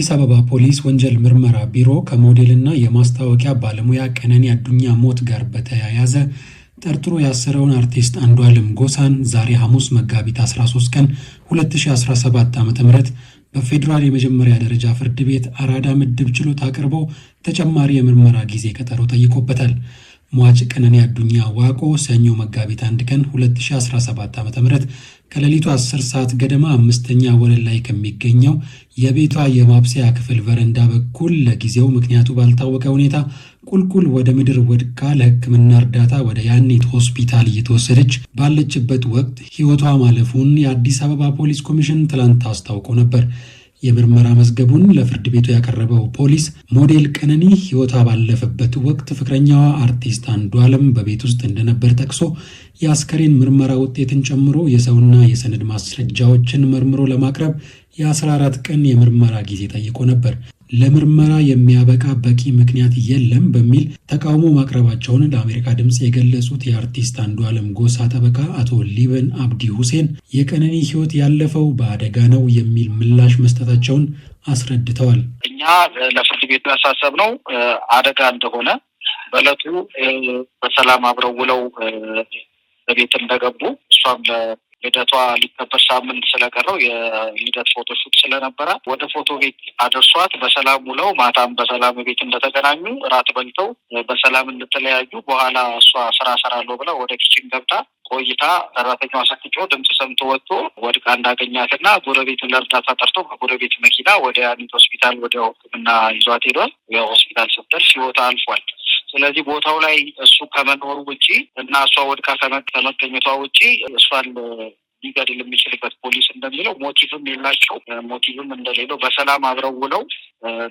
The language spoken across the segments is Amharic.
አዲስ አበባ ፖሊስ ወንጀል ምርመራ ቢሮ ከሞዴልና የማስታወቂያ ባለሙያ ቀነኒ አዱኛ ሞት ጋር በተያያዘ ጠርጥሮ ያሰረውን አርቲስት አንዷለም ጎሳን ዛሬ ሐሙስ መጋቢት 13 ቀን 2017 ዓ ም በፌዴራል የመጀመሪያ ደረጃ ፍርድ ቤት አራዳ ምድብ ችሎት አቅርቦ ተጨማሪ የምርመራ ጊዜ ቀጠሮ ጠይቆበታል። ሟች ቀነኒ አዱኛ ዋቆ ሰኞ መጋቢት 1 ቀን 2017 ዓ ም ከሌሊቱ 10 ሰዓት ገደማ አምስተኛ ወለል ላይ ከሚገኘው የቤቷ የማብሰያ ክፍል በረንዳ በኩል ለጊዜው ምክንያቱ ባልታወቀ ሁኔታ ቁልቁል ወደ ምድር ወድቃ ለሕክምና እርዳታ ወደ ያኔት ሆስፒታል እየተወሰደች ባለችበት ወቅት ሕይወቷ ማለፉን የአዲስ አበባ ፖሊስ ኮሚሽን ትላንት አስታውቆ ነበር። የምርመራ መዝገቡን ለፍርድ ቤቱ ያቀረበው ፖሊስ ሞዴል ቀነኒ ሕይወቷ ባለፈበት ወቅት ፍቅረኛዋ አርቲስት አንዱ አለም በቤት ውስጥ እንደነበር ጠቅሶ የአስከሬን ምርመራ ውጤትን ጨምሮ የሰውና የሰነድ ማስረጃዎችን መርምሮ ለማቅረብ የ14 ቀን የምርመራ ጊዜ ጠይቆ ነበር። ለምርመራ የሚያበቃ በቂ ምክንያት የለም በሚል ተቃውሞ ማቅረባቸውን ለአሜሪካ ድምፅ የገለጹት የአርቲስት አንዱ አለም ጎሳ ጠበቃ አቶ ሊበን አብዲ ሁሴን የቀነኒ ሕይወት ያለፈው በአደጋ ነው የሚል ምላሽ መስጠታቸውን አስረድተዋል። እኛ ለፍርድ ቤቱ ያሳሰብ ነው አደጋ እንደሆነ በእለቱ በሰላም አብረው ውለው በቤት እንደገቡ እሷም ልደቷ ሊከበር ሳምንት ስለቀረው የልደት ፎቶ ሹት ስለነበረ ወደ ፎቶ ቤት አደርሷት በሰላም ውለው ማታም በሰላም ቤት እንደተገናኙ እራት በልተው በሰላም እንደተለያዩ በኋላ እሷ ስራ ሰራለሁ ብላ ወደ ኪችን ገብታ ቆይታ ሰራተኛ ሰክጮ ድምፅ ሰምቶ ወጥቶ ወድቃ እንዳገኛትና ጎረቤት ለእርዳታ ጠርቶ በጎረቤት መኪና ወደ አንድ ሆስፒታል ወደ ሕክምና ይዟት ሄዷል። ሆስፒታል ስትደርስ ሕይወቷ አልፏል። ስለዚህ ቦታው ላይ እሱ ከመኖሩ ውጭ እና እሷ ወድቃ ከመገኘቷ ውጭ እሷን ሊገድል የሚችልበት ፖሊስ እንደሚለው ሞቲቭም የላቸው። ሞቲቭም እንደሌለው በሰላም አብረው ውለው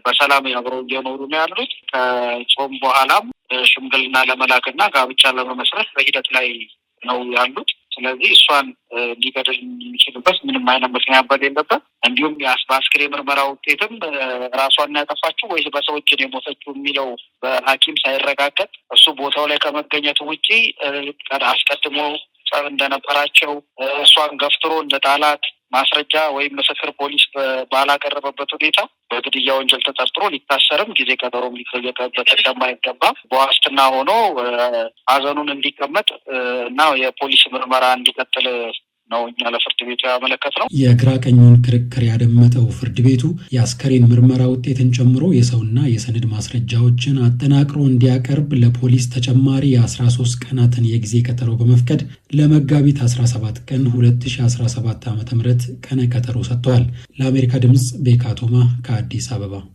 በሰላም አብረው እየኖሩ ነው ያሉት። ከጾም በኋላም ሽምግልና ለመላክና ጋብቻ ለመመስረት በሂደት ላይ ነው ያሉት። ስለዚህ እሷን ሊገድል የሚችልበት ምንም አይነት ምክንያት በሌለበት እንዲሁም በአስክሬ ምርመራ ውጤትም ራሷን ያጠፋችው ወይስ በሰዎችን የሞተችው የሚለው በሐኪም ሳይረጋገጥ እሱ ቦታው ላይ ከመገኘቱ ውጪ አስቀድሞ ጸብ እንደነበራቸው እሷን ገፍትሮ እንደ ጣላት ማስረጃ ወይም ምስክር ፖሊስ ባላቀረበበት ሁኔታ በግድያ ወንጀል ተጠርጥሮ ሊታሰርም ጊዜ ቀጠሮም ሊጠየቅበት እንደማይገባ በዋስትና ሆኖ ሀዘኑን እንዲቀመጥ እና የፖሊስ ምርመራ እንዲቀጥል ነው እኛ ለፍርድ ቤቱ ያመለከት ነው። የግራ ቀኙን ክርክር ያደመጠው ፍርድ ቤቱ የአስከሬን ምርመራ ውጤትን ጨምሮ የሰውና የሰነድ ማስረጃዎችን አጠናቅሮ እንዲያቀርብ ለፖሊስ ተጨማሪ የ13 ቀናትን የጊዜ ቀጠሮ በመፍቀድ ለመጋቢት 17 ቀን 2017 ዓ ም ቀነ ቀጠሮ ሰጥተዋል። ለአሜሪካ ድምፅ ቤካቶማ ከአዲስ አበባ